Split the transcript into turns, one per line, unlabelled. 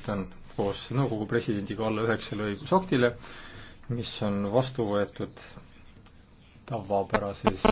esitan koos nõukogu presidendiga alla üheksale õigusaktile, mis on vastu võetud tavapärases